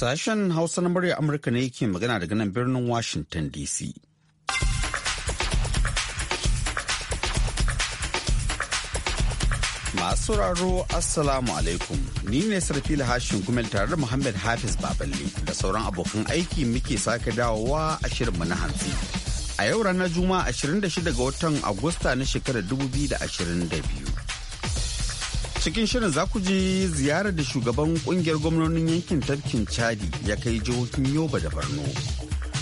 Sashen Hausa na murya Amurka ne yake magana daga nan birnin Washington DC. Masu raro Assalamu alaikum. Ni ne Sarfila Hashin Gumel tare da Muhammad Hafiz Baballe da sauran abokan aiki muke sake dawowa a shirinmu na hantsi. A yau ranar Juma'a 26 ga watan Agusta na shekarar 2022. cikin shirin za ku ji ziyarar da shugaban kungiyar gwamnonin yankin tafkin chadi ya kai jihohin yoba da Barno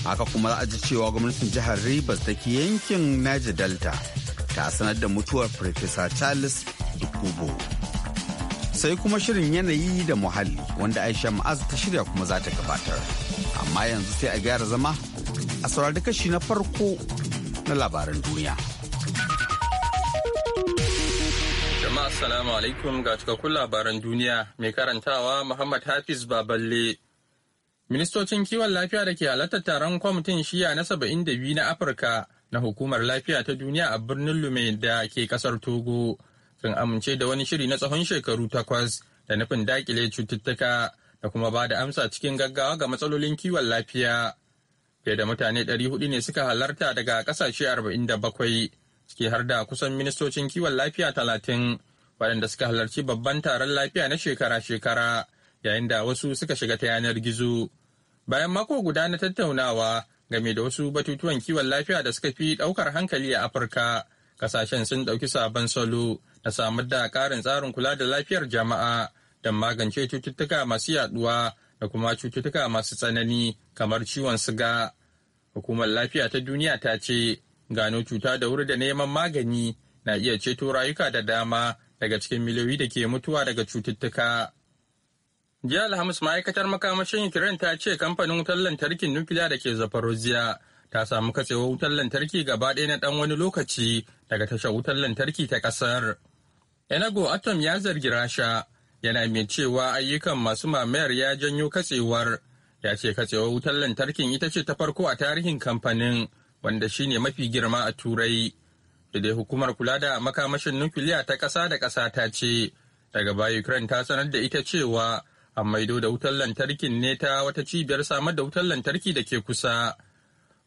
haka kuma za a ji cewa gwamnatin jihar rivers da ke yankin niger delta ta sanar da mutuwar Profesa Charles Dukubo. Sai kuma shirin yanayi da muhalli wanda Aisha Ma'az ta shirya kuma za ta gabatar. Amma yanzu sai a gyara zama a saurari kashi na farko na labaran duniya. Jama'a Assalamu alaikum ga cikakkun labaran duniya mai karantawa Muhammad Hafiz Baballe. Ministocin kiwon lafiya da ke halartar taron kwamitin shiya na saba'in da biyu na Afirka na hukumar lafiya ta duniya a birnin Lume da ke kasar Togo sun amince da wani shiri na tsawon shekaru takwas da nufin dakile cututtuka da kuma ba da amsa cikin gaggawa ga matsalolin kiwon lafiya. Fiye da mutane ɗari 400 ne suka halarta daga kasashe 47 ciki har da kusan ministocin kiwon lafiya talatin waɗanda suka halarci babban taron lafiya na shekara-shekara yayin da wasu suka shiga ta yanar gizo. Bayan mako guda na tattaunawa game da wasu batutuwan kiwon lafiya da suka fi ɗaukar hankali a Afirka, kasashen sun ɗauki sabon salo na samar da ƙarin tsarin kula da lafiyar jama'a don magance cututtuka masu yaɗuwa da kuma cututtuka masu tsanani kamar ciwon siga. Hukumar lafiya ta duniya ta ce gano cuta da wuri da neman magani na iya ceto rayuka da dama daga cikin miliyoyi da ke mutuwa daga cututtuka. Jiya Alhamis ma'aikatar makamashin Ukraine ta ce kamfanin wutar lantarkin nukiliya da ke Zaporozhye ta samu katsewar wutar lantarki gaba ɗaya na ɗan wani lokaci daga tashar wutar lantarki ta ƙasar. Enago Atom ya zargi Rasha yana mai cewa ayyukan masu mamayar ya janyo katsewar ya ce katsewar wutar lantarkin ita ce ta farko a tarihin kamfanin wanda shine mafi girma a turai da dai hukumar kula da makamashin nukiliya ta ƙasa da ƙasa ta ce daga baya ukraine ta sanar da ita cewa a maido da wutar lantarkin ne ta wata cibiyar samar da wutar lantarki da ke kusa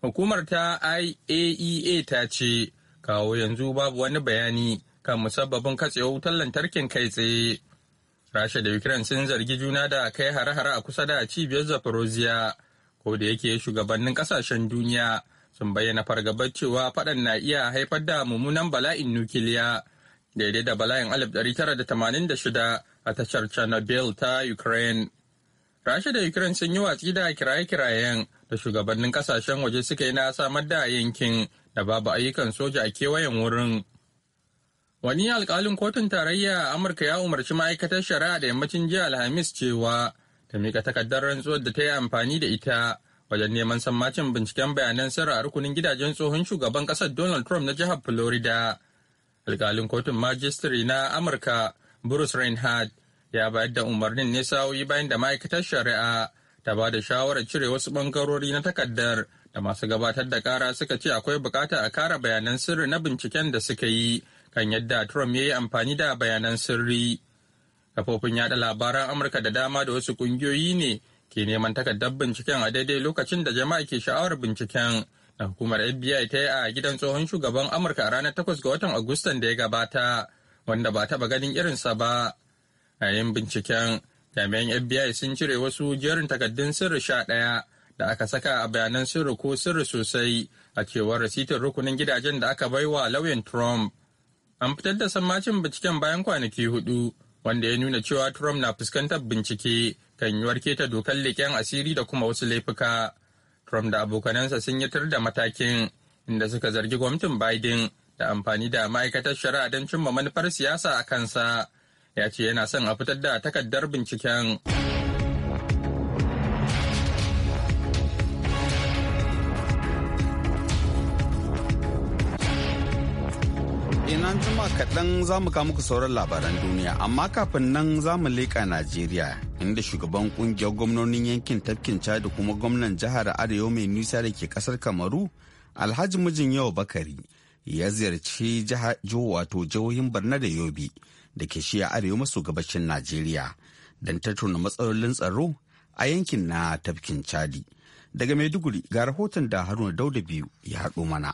hukumar ta iaea e ta ce kawo yanzu babu wani bayani kan musabbabin katsewar wutar lantarkin kai tsaye rasha da ukraine sun zargi juna da kai hare-hare a kusa da cibiyar zaporozhia ko da yake shugabannin kasashen duniya sun bayyana fargabar cewa faɗan na iya haifar da mummunan bala'in nukiliya daidai da bala'in 1986 a tashar Chernobyl ta Ukraine. Rasha da Ukraine sun yi watsi da kiraye-kirayen da shugabannin kasashen waje suka yi na samar da yankin da babu ayyukan soja a kewayen wurin. Wani alkalin kotun tarayya a Amurka ya umarci ma'aikatar shari'a da yammacin jiya Alhamis cewa ta miƙa takardar rantsuwar da ta yi amfani da ita wajen neman sammacin binciken bayanan sirri a rukunin gidajen tsohon shugaban kasar Donald Trump na jihar Florida. Alkalin kotun majistri na Amurka Bruce Reinhardt ya bayar da umarnin ne sa'o'i bayan da ma'aikatar shari'a ta ba da shawarar cire wasu bangarori na takardar da masu gabatar da kara suka ce akwai bukata a kara bayanan sirri na binciken da suka yi kan yadda Trump ya yi amfani da bayanan sirri. Kafofin yada labaran Amurka da dama da wasu kungiyoyi ne ke neman takardar binciken a daidai lokacin da jama'a ke sha'awar binciken da hukumar FBI ta yi a gidan tsohon shugaban Amurka a ranar takwas ga watan Agustan da ya gabata wanda ba taba ganin irinsa ba. A yin binciken jami'an FBI sun cire wasu jerin takardun sirri sha ɗaya da aka saka a bayanan sirri ko sirri sosai a cewar rasitin rukunin gidajen da aka bai wa lauyan Trump. An fitar da sammacin binciken bayan kwanaki hudu wanda ya nuna cewa Trump na fuskantar bincike kan warke ta dokar leƙen asiri da kuma wasu laifuka. Trump da abokanansa sun yi da matakin inda suka zargi gwamnatin Biden da amfani da ma'aikatar shari'a don cimma manufar siyasa a kansa. Ya ce yana son a fitar da takardar binciken. ina jima kaɗan za mu kawo muku sauran labaran duniya amma kafin nan za mu leƙa najeriya inda shugaban ƙungiyar gwamnonin yankin tafkin da kuma gwamnan jihar arewa mai nisa da ke ƙasar kamaru alhaji mijin yau bakari ya ziyarci wato jihohin barna da yobe da ke shiya arewa maso gabashin najeriya don tattauna matsalolin tsaro a yankin na tafkin Chad. daga maiduguri ga rahoton da haruna dauda biyu ya haɗo mana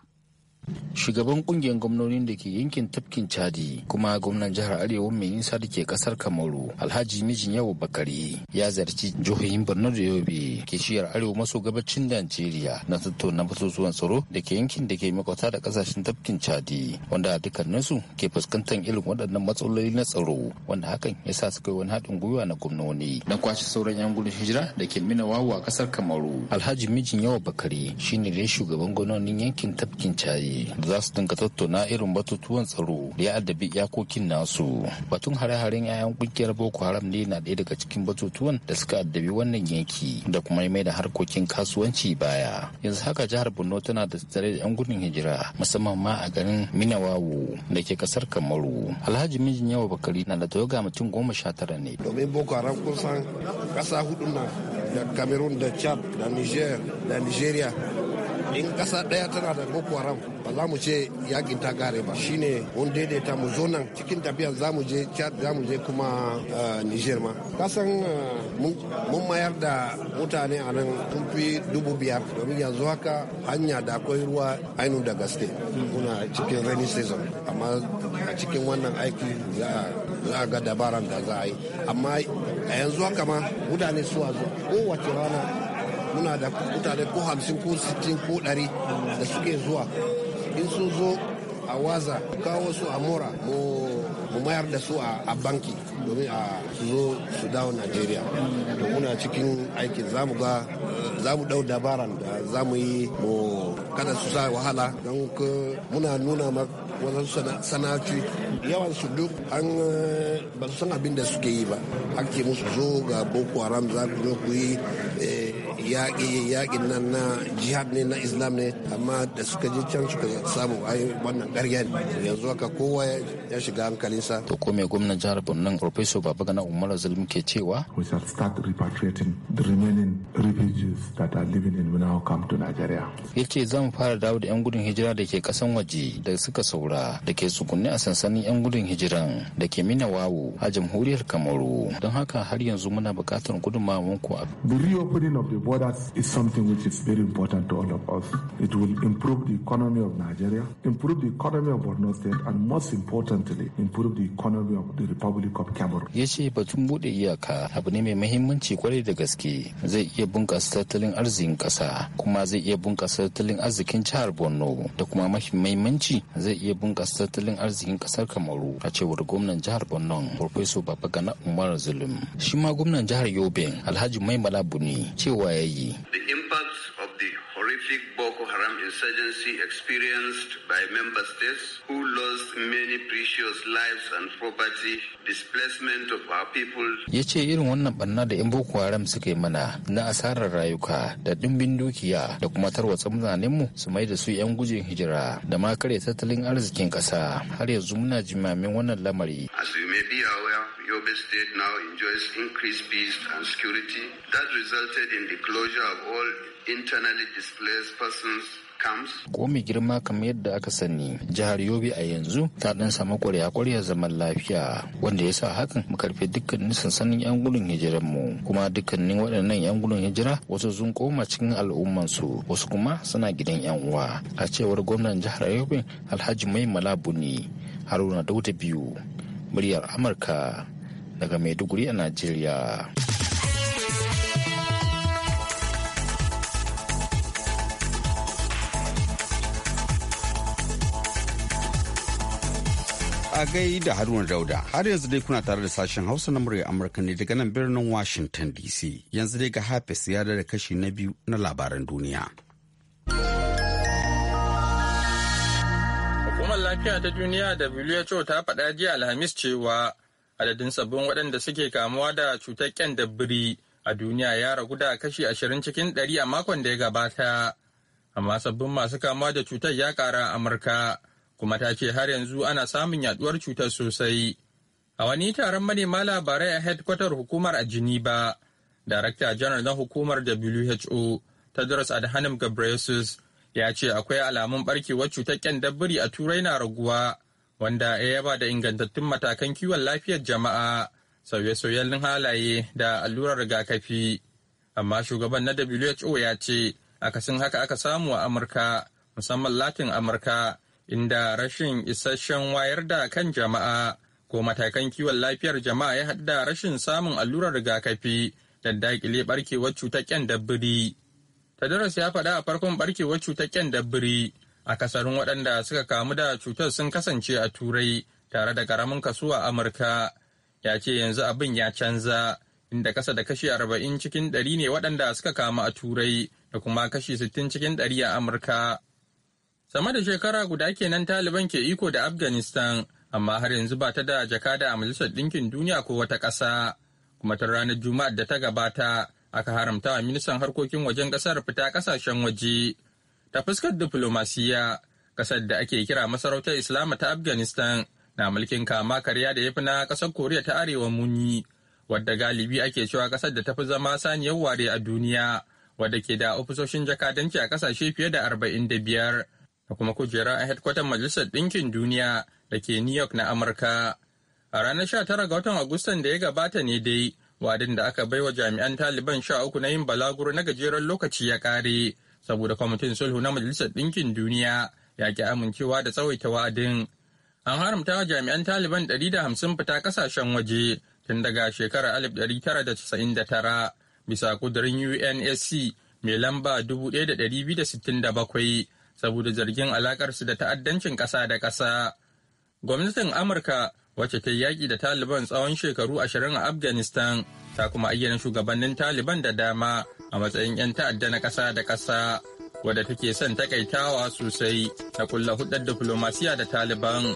shugaban kungiyar gwamnonin da ke yankin tafkin chadi kuma gwamnan jihar arewa mai nisa da ke kasar kamaru alhaji mijin yawo bakari ya zarci jihohin borno da yobe ke shiyar arewa maso gabacin najeriya na tattauna batutuwan tsaro da ke yankin da ke makwata da kasashen tafkin chadi wanda dukkaninsu ke fuskantar irin waɗannan matsaloli na tsaro wanda hakan ya sa su kai wani haɗin gwiwa na gwamnoni na kwashe sauran yan gudun hijira da ke mina wawa a kasar kamaru alhaji mijin yawo bakari shine dai shugaban gwamnonin yankin tafkin chadi da za su dinga tattauna irin batutuwan tsaro da ya addabi iyakokin nasu batun hare-haren 'ya'yan kungiyar boko haram ne na ɗaya daga cikin batutuwan da suka addabi wannan yanki da kuma mai da harkokin kasuwanci baya yanzu haka jihar borno tana da tsare da 'yan gudun hijira musamman ma a garin minawawo da ke kasar kamaru alhaji mijin yawa bakari na da toga mutum goma sha tara ne domin boko kusan ƙasa hudu na da cameroon da chad da niger da nigeria in kasa daya tana da boko haram ba za mu ce yakin ta gare ba shine mun daidaita mu zo nan cikin tafiya za mu je chad za mu je kuma eh, niger ma kasan eh, mun mayar da mutane a nan tun fi dubu biyar domin yanzu haka hanya da akwai ruwa ainihin da gaske muna cikin rainy season amma a cikin wannan aiki za a ga dabaran da za a yi amma a yanzu haka ma mutane suwa zuwa kowace rana muna da mutane ko hamsin ko sittin ko ɗari da suke zuwa in sun zo a waza kawo su a mora mu mayar da su a banki domin a zo su dawo najeriya da muna cikin aikin zamu ga za mu dau dabaran da za mu yi mu kada su sa wahala don muna nuna ma wasu sana'aci yawan su duk an ba su san abin da suke yi ba ake musu zo ga boko haram za ku yi eh, yaƙi yaƙin nan na jihad ne na islam ne amma da suka je can suka samu ai wannan ƙarya ne yanzu haka kowa ya shiga hankalinsa to ko mai gwamnan jihar Borno Professor Babagana Umar Zulum ke cewa we shall start repatriating the remaining refugees that are living in Minau camp to Nigeria Yake zan fara dawo da yan gudun hijira da ke kasan waje da suka saura da ke tsugunni a sansanin yan gudun hijiran da ke mina wawo a jamhuriyar Kamaru don haka har yanzu muna buƙatar gudunmawar ku a the reopening of borders is something which is very important to all of us. It will improve the economy of Nigeria, improve the economy of Borno State, and most importantly, improve the economy of the Republic of Cameroon. Ya ce batun bude iyaka abu ne mai mahimmanci kwarai da gaske zai iya bunkasa tattalin arzikin kasa kuma zai iya bunkasa tattalin arzikin jihar Borno da kuma mafi mahimmanci zai iya bunkasa tattalin arzikin ƙasar Kamaru a cewar gwamnan jihar Borno Professor Babagana Umar Zulum. Shi ma gwamnan jihar Yobe Alhaji Maimala Buni cewa The impact. horrific Boko Haram insurgency experienced by member states who lost many precious lives and property, displacement of our people. Ya ce irin wannan banna da 'yan Boko Haram suka yi mana na asarar rayuka da dimbin dukiya da kuma tarwatsa mutanenmu su mai da su 'yan gujin hijira da ma kare tattalin arzikin ƙasa har yanzu muna jimamin wannan lamari. As you may be aware, Yobe State now enjoys increased peace and security that resulted in the closure of all internally displaced persons Ko mai girma kamar yadda aka sani jihar Yobe a yanzu ta dan samu kwarya kwarya zaman lafiya wanda ya sa hakan mu karfe dukkanin sansanin yan gudun hijiranmu kuma dukkanin waɗannan yan gudun hijira wasu sun koma cikin al'umman wasu kuma suna gidan yan uwa a cewar gwamnan jihar Yobe Alhaji Mai Malabuni Haruna Dauda biyu muryar Amurka daga Maiduguri a Najeriya. a da haruwan rauda Har yanzu dai kuna tare da sashen Hausa na murya Amurka ne daga nan birnin Washington DC. Yanzu dai ga hafis ya da kashi na biyu na labaran duniya. Hukumar Lafiya ta Duniya WHO ta faɗa jiya Alhamis cewa adadin sabbin waɗanda suke kamuwa da cutar biri a duniya ya ragu da kashi ashirin cikin ɗari a makon da ya gabata. Amma sabbin masu kamuwa da cutar ya kara a Amurka. kuma ta ce har yanzu ana samun yaduwar cutar sosai. A wani taron manema labarai a hedkwatar hukumar a Geneva, Darakta Janar na hukumar WHO, Tedros Adhanom Ghebreyesus, ya ce akwai alamun barkewar cutar dabbiri a Turai na raguwa, wanda ya yaba da ingantattun matakan kiwon lafiyar jama'a, sauye-sauyen halaye da allurar rigakafi. Amma shugaban na WHO ya ce, akasin haka aka samu a Amurka, musamman Latin Amurka, inda rashin isasshen wayar da kan jama'a ko matakan kiwon lafiyar jama'a ya hadda rashin samun allurar rigakafi da dakile barkewar cutar dabbiri. Tadaras ya faɗa a farkon barkewar cutar dabbiri akasarin waɗanda suka kamu da cutar sun kasance a turai tare da ƙaramin kaso a amurka ya ce yanzu abin ya canza inda kasa da kashi arba'in cikin ɗari ne waɗanda suka kamu a turai da kuma kashi sittin cikin ɗari a amurka Sama da shekara guda kenan Taliban ke iko da Afghanistan, amma har yanzu ba ta da jakada a Majalisar Ɗinkin Duniya ko wata ƙasa. Kuma ta ranar Juma'ar da ta gabata aka haramta wa ministan harkokin wajen ƙasar fita ƙasashen waje. Ta fuskar diflomasiyya. ƙasar da ake kira masarautar Islama ta Afghanistan na mulkin kama karya da ya fi na ƙasar Koriya ta Arewa muni, wadda galibi ake cewa ƙasar da ta fi zama saniyar ware a duniya, wadda ke da ofisoshin jakadanci a ƙasashe fiye da arba'in da biyar. da kuma kujera a hedkwatar Majalisar Ɗinkin Duniya da ke New York na Amurka. A ranar 19 ga watan Agustan da ya gabata ne dai, wadin da aka baiwa jami'an Taliban sha uku na yin balaguro na gajeren lokaci ya kare. saboda kwamitin sulhu na Majalisar Ɗinkin Duniya ya ki amincewa da tsawaita wadin. An haramta wa jami'an Taliban 150 fita kasashen waje tun daga shekarar 1999 bisa kudurin UNSC mai lamba 1267 saboda zargin alakarsu da ta'addancin ƙasa da ƙasa. Gwamnatin Amurka wacce ta yi yaƙi da Taliban tsawon shekaru ashirin a Afghanistan ta kuma ayyana shugabannin Taliban da dama a matsayin 'yan ta'adda na ƙasa da ƙasa wadda take son takaitawa sosai ta kulla hudar diflomasiya da Taliban.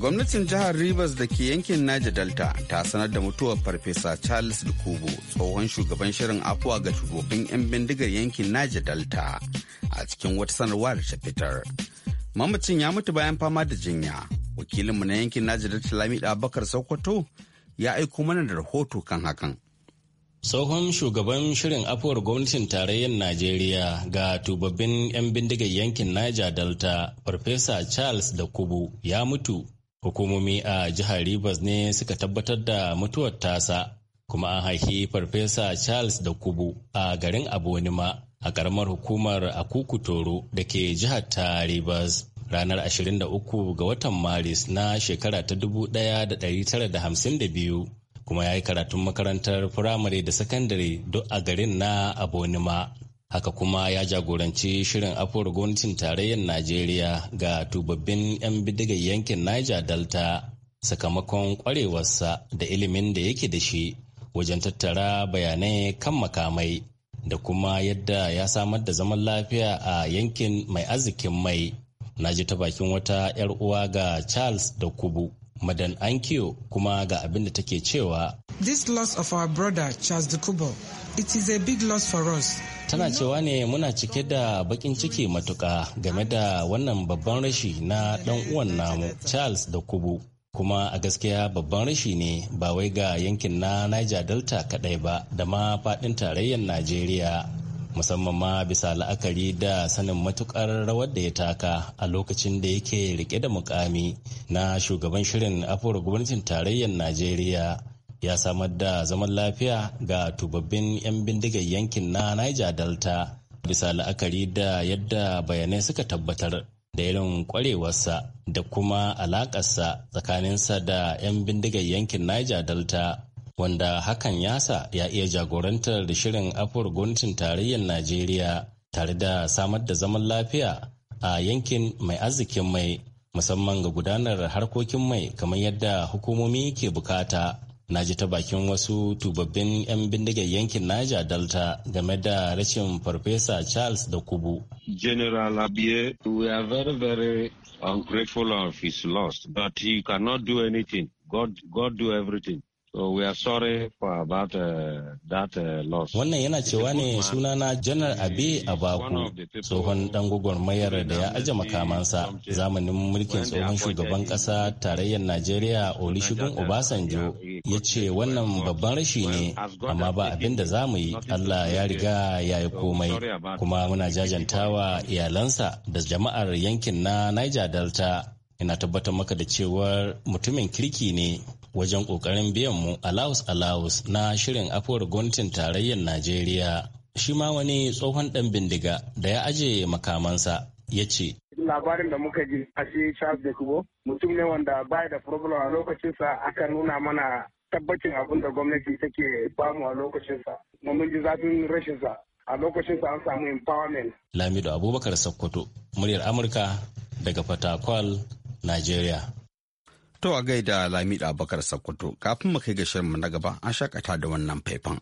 Gwamnatin jihar Rivers da ke yankin Niger Delta ta sanar da mutuwar Farfesa Charles Dukubo tsohon shugaban shirin afuwa ga shugaban 'yan bindigar yankin Niger Delta a cikin wata sanarwar da fitar. Mamacin ya mutu bayan fama da jinya. Wakilinmu na yankin Niger Delta Lamida Bakar Sokoto ya aiko mana da rahoto kan hakan. Tsohon shugaban shirin afuwar gwamnatin tarayyar Najeriya ga tubabbin 'yan bindigar yankin Niger Delta, Farfesa Charles da Kubu ya mutu Hukumomi a jihar Rivers ne suka tabbatar da mutuwar tasa kuma an haifi Farfesa Charles da Kubu a garin Abonima a karamar hukumar Akukutoro da ke jihar ta Rivers. Ranar 23 ga watan Maris na shekara ta 1952 kuma ya yi karatun makarantar firamare da sakandare duk a garin na Abonima. haka kuma ya jagoranci shirin afuwar gwamnatin tarayyar najeriya ga tubabbin 'yan bidigar yankin niger delta sakamakon kwarewarsa da ilimin da yake da shi wajen tattara bayanai kan makamai da kuma yadda ya samar da zaman lafiya a yankin mai arzikin mai na ji ta bakin wata 'yar uwa ga charles da kubu madan ankiyo kuma ga abin da take cewa this loss of our brother charles da kubo It is a big loss for us. Tana cewa ne muna cike da bakin ciki matuka game da wannan babban rashi na dan uwan namu Charles da Kubu. Kuma a gaskiya babban rashi ne ba wai ga yankin na Niger Delta kadai ba da ma fadin tarayyar Najeriya. musamman ma bisa la'akari da sanin matukar rawar da ya taka a lokacin da yake rike da mukami na shugaban shirin afuwar gwamnatin tarayyar najeriya ya samar da zaman lafiya ga tubabbin 'yan bindigar yankin na niger delta bisa la'akari da yadda bayanai suka tabbatar da irin kwarewarsa da kuma alakarsa tsakaninsa da 'yan bindigar yankin niger delta wanda hakan yasa ya iya jagorantar da shirin afur guntun tarayyar najeriya tare da samar da zaman lafiya a yankin mai arzikin mai musamman ga gudanar harkokin mai kamar yadda hukumomi ke bukata na ji ta bakin wasu tubabbin 'yan bindigar yankin Niger Delta game da rashin Farfesa Charles da Kubu. General Abiye, we are very, very ungrateful of his loss, but he cannot do anything. God, God do everything. So we are sorry for about uh, that uh, loss. Wannan yana cewa ne sunana Janar Abe Abaku, tsohon dan mayar da ya aje makamansa zamanin mulkin tsohon shugaban ƙasa tarayyar Najeriya Olusegun Obasanjo ya ce wannan babban rashi ne amma ba abin da za mu yi Allah ya riga ya yi komai kuma muna jajantawa iyalansa da jama'ar yankin na Niger Delta. Ina tabbatar maka da cewar mutumin kirki ne wajen ƙoƙarin biyan mu a allowance na shirin afuwar gwamnatin tarayyar Najeriya. Shi ma wani tsohon ɗan bindiga da ya aje makamansa ya ce. Labarin da muka ji a shi Charles de Kubo mutum ne wanda baya da problem a lokacinsa aka nuna mana tabbacin abin da gwamnati take bamu a lokacinsa. Mun ji zafin rashinsa a lokacinsa an samu empowerment. Lamido Abubakar Sokoto, muryar Amurka daga Fatakwal, Nigeria. To a gaida Lamida Bakar Sokoto kafin mu kai ga shirinmu na gaba an shakata da wannan faifan.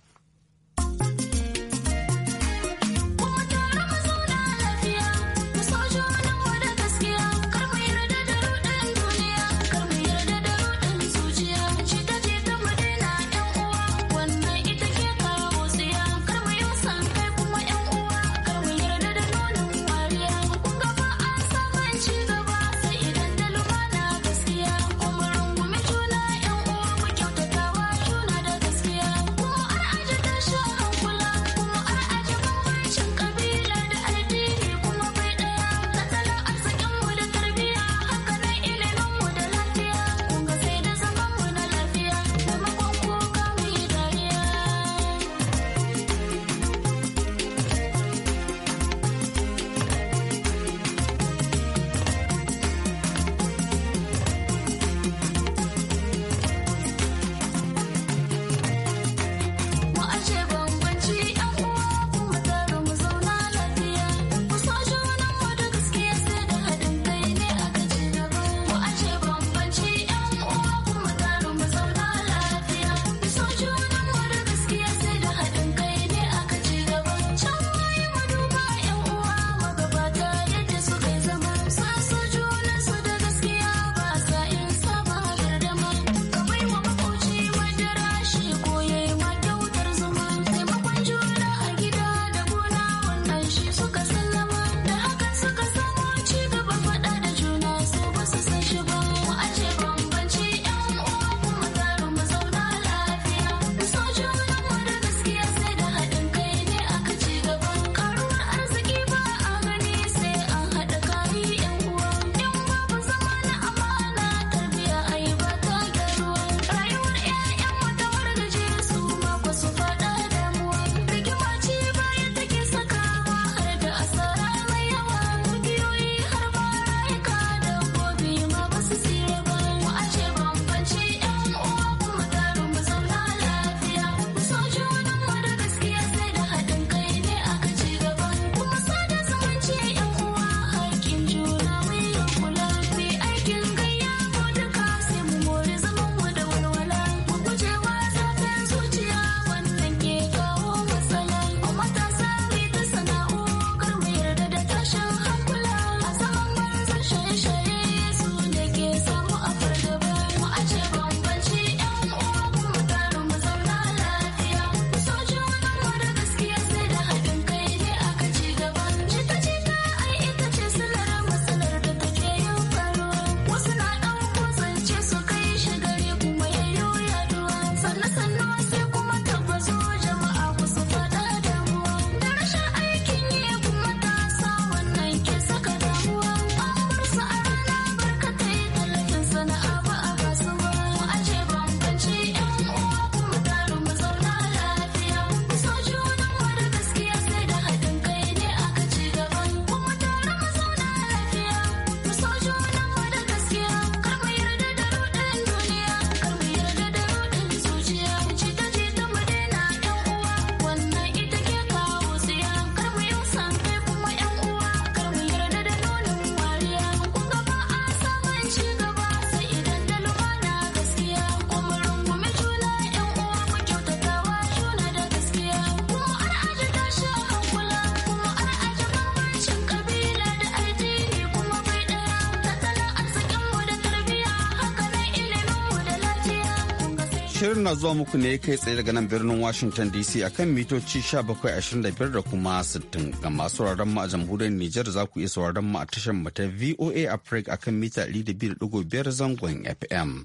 Shirin na zuwa muku ne kai tsaye daga nan birnin Washington DC akan mitoci 1725 da kuma 60 ga masu sauraron mu a jamhuriyar Nijar za ku iya sauraron mu a tashar mu ta VOA Africa akan mita 200.5 zangon FM.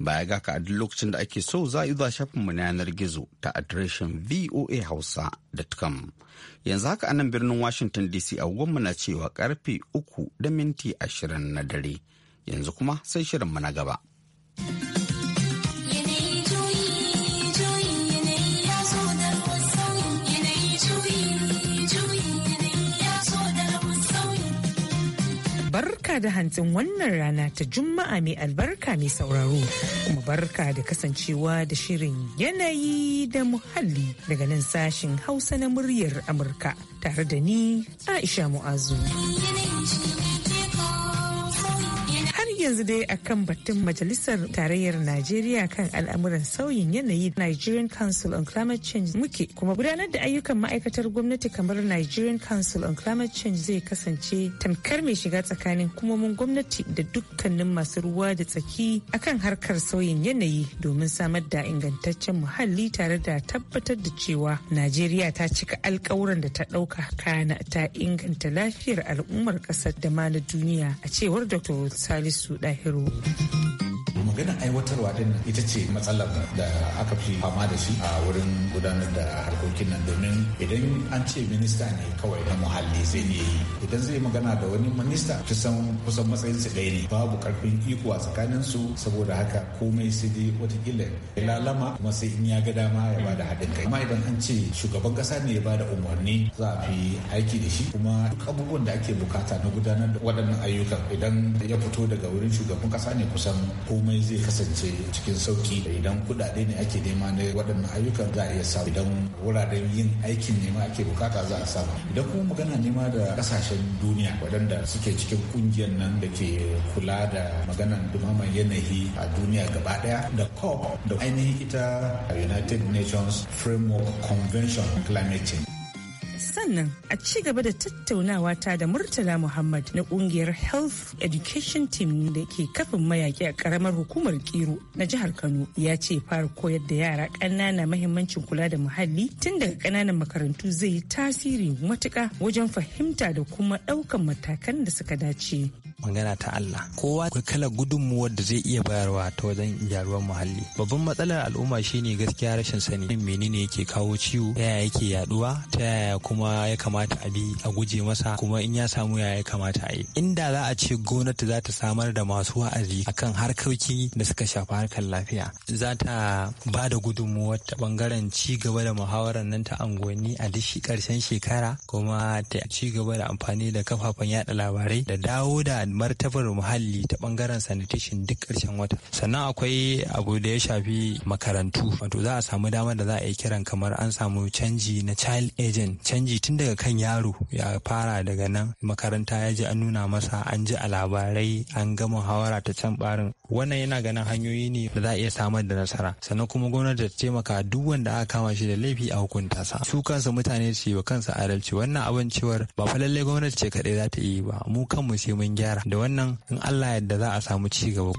Baya ga ka a duk lokacin da ake so za a yi zuwa shafin mu na yanar gizo ta adireshin voahausa.com. Yanzu haka a nan birnin Washington DC a mu na cewa karfe 3 da minti 20 na dare. Yanzu kuma sai shirin mu na gaba. barka da hantsin wannan rana ta Juma'a mai albarka mai sauraro. Kuma barka da kasancewa da shirin yanayi da muhalli daga nan sashin Hausa na muryar Amurka tare da ni Aisha Mu'azu. yanzu dai akan batun majalisar tarayyar Najeriya kan al'amuran sauyin yanayi Nigerian Council on Climate Change muke kuma gudanar da ayyukan ma'aikatar gwamnati kamar Nigerian Council on Climate Change zai kasance tamkar mai shiga tsakanin hukumomin gwamnati da dukkanin masu ruwa da tsaki akan harkar sauyin yanayi domin samar da ingantaccen muhalli tare da tabbatar da cewa Najeriya ta cika alkawuran da ta dauka. kana ta inganta lafiyar al'ummar ƙasar da ma na duniya a cewar Dr. Salisu Salisu hero. ganin aiwatarwa din ita ce matsalar da aka fi fama da shi a wurin gudanar da harkokin nan domin idan an ce minista ne kawai na muhalli zai ne yi idan zai magana da wani minista kusan matsayin su ɗaya ne babu karfin iko a tsakanin su saboda haka komai sai dai watakila ya lalama kuma sai in ya ga dama ya bada haɗin kai amma idan an ce shugaban ƙasa ne ya bada umarni za a fi aiki da shi kuma duk abubuwan da ake bukata na gudanar da waɗannan ayyukan idan ya fito daga wurin shugaban ƙasa ne kusan komai zai kasance cikin sauki idan kuɗaɗe ne ake nema na waɗannan ayyukan za a iya samu idan wuraren yin aikin nema ake bukata za a samu idan kuma magana nema da ƙasashen duniya waɗanda suke cikin ƙungiyar nan da ke kula da maganan dumaman yanayi a duniya gaba ɗaya da cop da ainihin ita united nations framework convention on climate change sannan a ci gaba da tattaunawa ta da murtala muhammad na kungiyar health education team da ke kafin mayaki a karamar hukumar kiro na jihar kano ya ce fara koyar da yara ƙanana mahimmancin kula da muhalli tun daga ƙananan makarantu zai yi tasiri matuka wajen fahimta da kuma ɗaukan matakan da suka dace magana ta Allah kowa akwai kala gudunmuwar da zai iya bayarwa ta wajen gyaruwar muhalli babban matsalar al'umma shine gaskiya rashin sani menene yake kawo ciwo ta yaya yake yaduwa ta yaya kuma ya kamata a bi a guje masa kuma in ya samu ya ya kamata a yi inda za a ce gwamnati za ta samar da masu wa'azi akan harkoki da suka shafi harkar lafiya za ta ba da gudunmuwa ta bangaren ci gaba da muhawarar nan ta unguwanni a duk karshen shekara kuma ta ci gaba da amfani da kafafen yada labarai da dawo da martabar muhalli ta bangaren sanitation duk karshen wata sannan akwai abu da ya shafi makarantu wato za a samu damar da za a yi kiran kamar an samu canji na child agent canji tun daga kan yaro ya fara daga nan makaranta ya ji an nuna masa an ji a labarai an ga muhawara ta can barin wannan yana ganin hanyoyi ne da za a iya samar da nasara sannan kuma gwamnati ta taimaka duk wanda aka kama shi da laifi a hukunta sa su kansa mutane su yi wa kansa adalci wannan abin cewar ba fa lallai gwamnati ce kaɗai za ta yi ba mu kanmu sai mun gyara da wannan in Allah yadda za a samu ci gaba.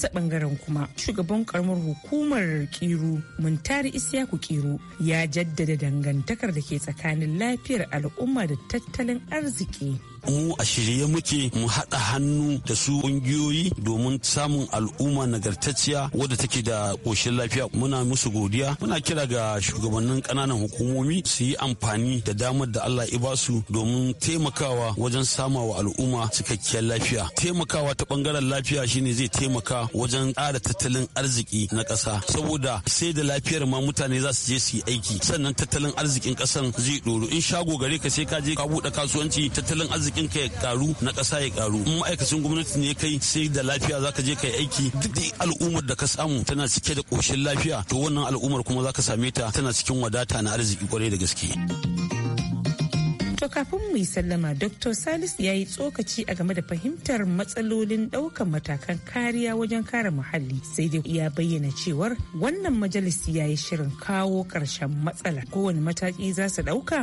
nasa bangaren kuma shugaban karamar hukumar kiru muntari isyaku kiru ya jaddada dangantakar da ke tsakanin lafiyar al'umma da tattalin arziki mu a shirye muke mu haɗa hannu da su ƙungiyoyi domin samun al'umma nagartacciya wadda take da ƙoshin lafiya muna musu godiya muna kira ga shugabannin ƙananan hukumomi su yi amfani da damar da Allah ya ba su domin taimakawa wajen sama wa al'umma cikakkiyar lafiya taimakawa ta bangaren lafiya shine zai taimaka wajen ƙara tattalin arziki na ƙasa saboda sai da lafiyar ma mutane za su je su yi aiki sannan tattalin arzikin ƙasan zai ɗoro in shago gare ka sai ka je ka buɗe kasuwanci tattalin arziki arzikin ka ya karu na kasa ya karu in ma'aikacin gwamnati ne kai sai da lafiya zaka je ka yi aiki duk da al'ummar da ka samu tana cike da koshin lafiya to wannan al'ummar kuma za ka same ta tana cikin wadata na arziki kwarai da gaske. To kafin mu yi sallama Dr. Salis ya yi tsokaci a game da fahimtar matsalolin ɗaukar matakan kariya wajen kare muhalli sai dai ya bayyana cewar wannan majalisi ya yi shirin kawo karshen matsala kowane mataki za su ɗauka.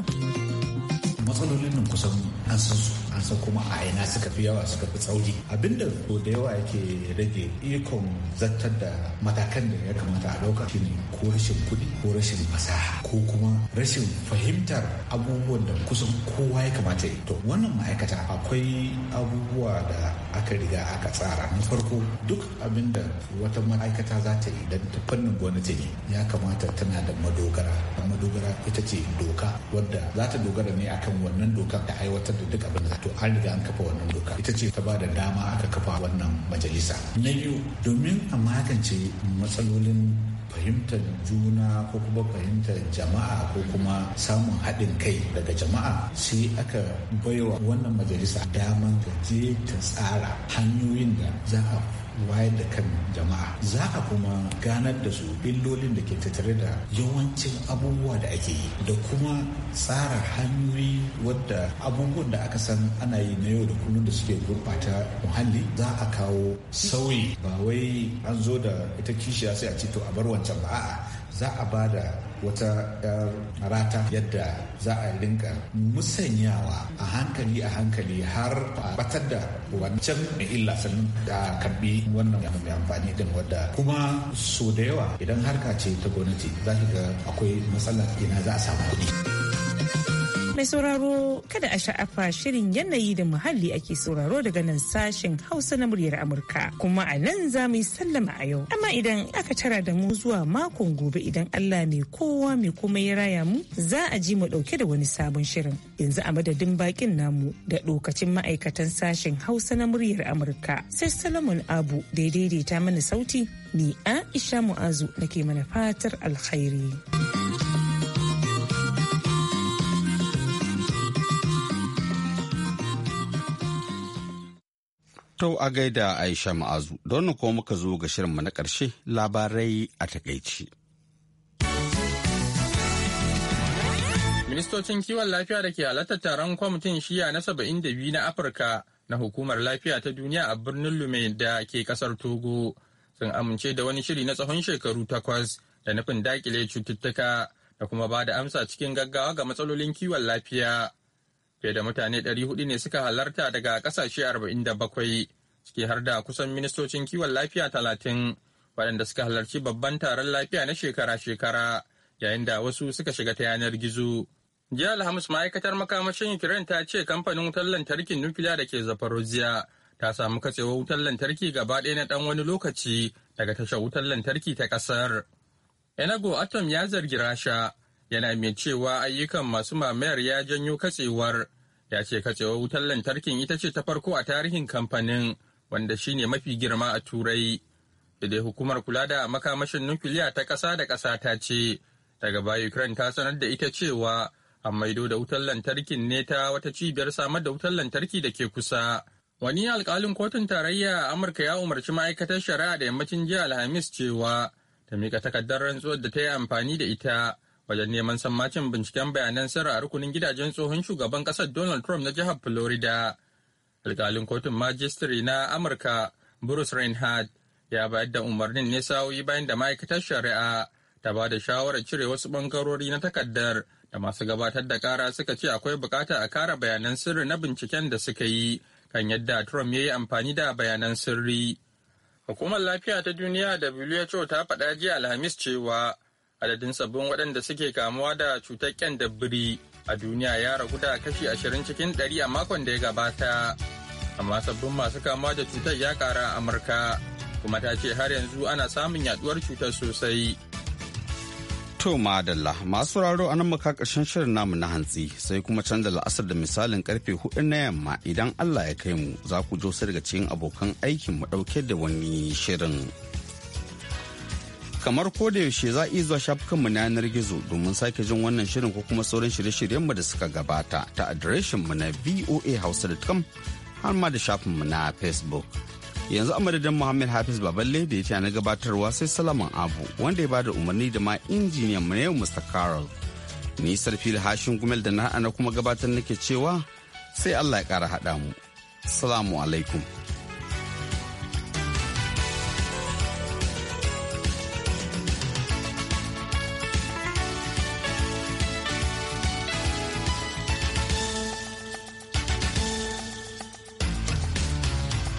matsalolin kusan an san su an san kuma a ina suka fi yawa suka fi tsauri abinda ko da yawa yake rage ikon zartar da matakan da ya kamata a ɗauka shine ko rashin kuɗi ko rashin fasaha ko kuma rashin fahimtar abubuwan da kusan kowa ya kamata yi to wannan ma'aikata akwai abubuwa da aka riga aka tsara na farko duk abinda wata ma'aikata za ta yi don ta fannin gwamnati ne ya kamata tana da madogara madogara ita ce doka wadda za ta dogara ne akan wannan dokan da aiwatar da duk abin da to an riga an kafa wannan doka ita ce ta ba da dama aka kafa wannan majalisa na biyu domin a magance matsalolin fahimtar juna ko kuma fahimtar jama'a ko kuma samun haɗin kai daga jama'a sai aka baiwa wannan majalisa daman ta je ta tsara hanyoyin da za a wayar da kan jama'a za a kuma ganar da su illolin da ke tattare da yawancin abubuwa da ake yi da kuma tsara hanyoyi wadda abubuwan da aka san ana yi na yau da kullum da suke gurɓata muhalli za a kawo sauyi ba wai an zo da ita kishiya sai a ce to a bar wancan ba a'a za a ba da wata yar rata yadda za a linka musanyawa a hankali a hankali har a batar da wancan mai illa sannan da kabi wannan mai amfani din wadda kuma so da yawa idan harka ce ta gwamnati za ki ga akwai matsala ina za a samu kuɗi. Mai sauraro kada a sha'afa shirin yanayi da muhalli ake sauraro daga nan sashen Hausa na muryar Amurka. Kuma a nan za mu yi sallama a yau. Amma idan aka tara da mu zuwa makon gobe idan Allah mai kowa mai kuma ya raya mu za a ji mu dauke da wani sabon shirin. Yanzu a madadin bakin namu da dokacin ma'aikatan sashen Hausa na muryar Amurka. Sai Solomon Abu da ya daidaita mana sauti ni Aisha Mu'azu ke mana fatar alkhairi. To a gaida Aisha Ma'azu, don kuma muka zo ga shirinmu na ƙarshe labarai a takaici. Ministocin kiwon lafiya da ke halartar taron kwamitin shiya na saba'in da biyu na Afirka na hukumar lafiya ta duniya a birnin Lume da ke kasar Togo sun amince da wani shiri na tsawon shekaru takwas da nufin dakile cututtuka da kuma ba da amsa cikin gaggawa ga matsalolin kiwon lafiya. Fiye da mutane 400 ne suka halarta daga ƙasashe 47 ciki har da kusan ministocin kiwon lafiya 30 waɗanda suka halarci babban taron lafiya na shekara-shekara yayin da wasu suka shiga ta yanar gizo. Jiya Alhamis ma'aikatar makamashin Ukraine ta ce kamfanin wutar lantarkin nukiliya da ke Zaporozhye ta samu katsewar wutar lantarki gaba ɗaya na ɗan wani lokaci daga tashar wutar lantarki ta ƙasar. Enago Atom ya zargi Rasha yana mai cewa ayyukan masu mamayar ya janyo katsewar ya ce katsewar wutar lantarkin ita ce ta farko a tarihin kamfanin wanda shine mafi girma a turai da dai hukumar kula da makamashin nukiliya ta ƙasa da ƙasa ta ce daga baya ukraine ta sanar da ita cewa an maido da wutar lantarkin ne ta wata cibiyar samar da wutar lantarki da ke kusa wani alkalin kotun tarayya amurka ya umarci ma'aikatar shari'a da yammacin jiya alhamis cewa ta mika takardar rantsuwar da ta yi amfani da ita wajen neman sammacin binciken bayanan sirri a rukunin gidajen tsohon shugaban ƙasar Donald Trump na jihar Florida. Alkalin kotun majistri na Amurka Bruce Reinhardt ya bayar da umarnin ne sa'o'i bayan da ma'aikatar shari'a ta ba da shawarar cire wasu bangarori na takardar da masu gabatar da kara suka ce akwai bukata a kara bayanan sirri na binciken da suka yi kan yadda Trump ya yi amfani da bayanan sirri. Hukumar lafiya ta duniya da WHO ta faɗa jiya Alhamis cewa adadin sabbin waɗanda suke kamuwa da cutar biri a duniya ya ragu da kashi ashirin cikin ɗari a makon da ya gabata amma sabbin masu kamuwa da cutar ya ƙara a amurka kuma ta ce har yanzu ana samun yaduwar cutar sosai To madalla masu raro a nan muka ƙarshen shirin namu na hantsi sai kuma canza la'asar da misalin karfe hudu na yamma idan Allah ya kai mu za ku jo daga cikin abokan aikin mu ɗauke da wani shirin. kamar ko da yaushe za a zuwa shafukanmu na yanar gizo domin sake jin wannan shirin ko kuma sauran shirye-shiryenmu da suka gabata ta adireshinmu na voahausa.com har ma da shafinmu na facebook yanzu a madadin muhammad hafiz baballe da ya na gabatarwa sai salaman abu wanda ya bada umarni da ma injiniyan mu yau mr carol ni sarfil hashin gumel da na kuma gabatar nake cewa sai allah ya kara haɗa mu salamu alaikum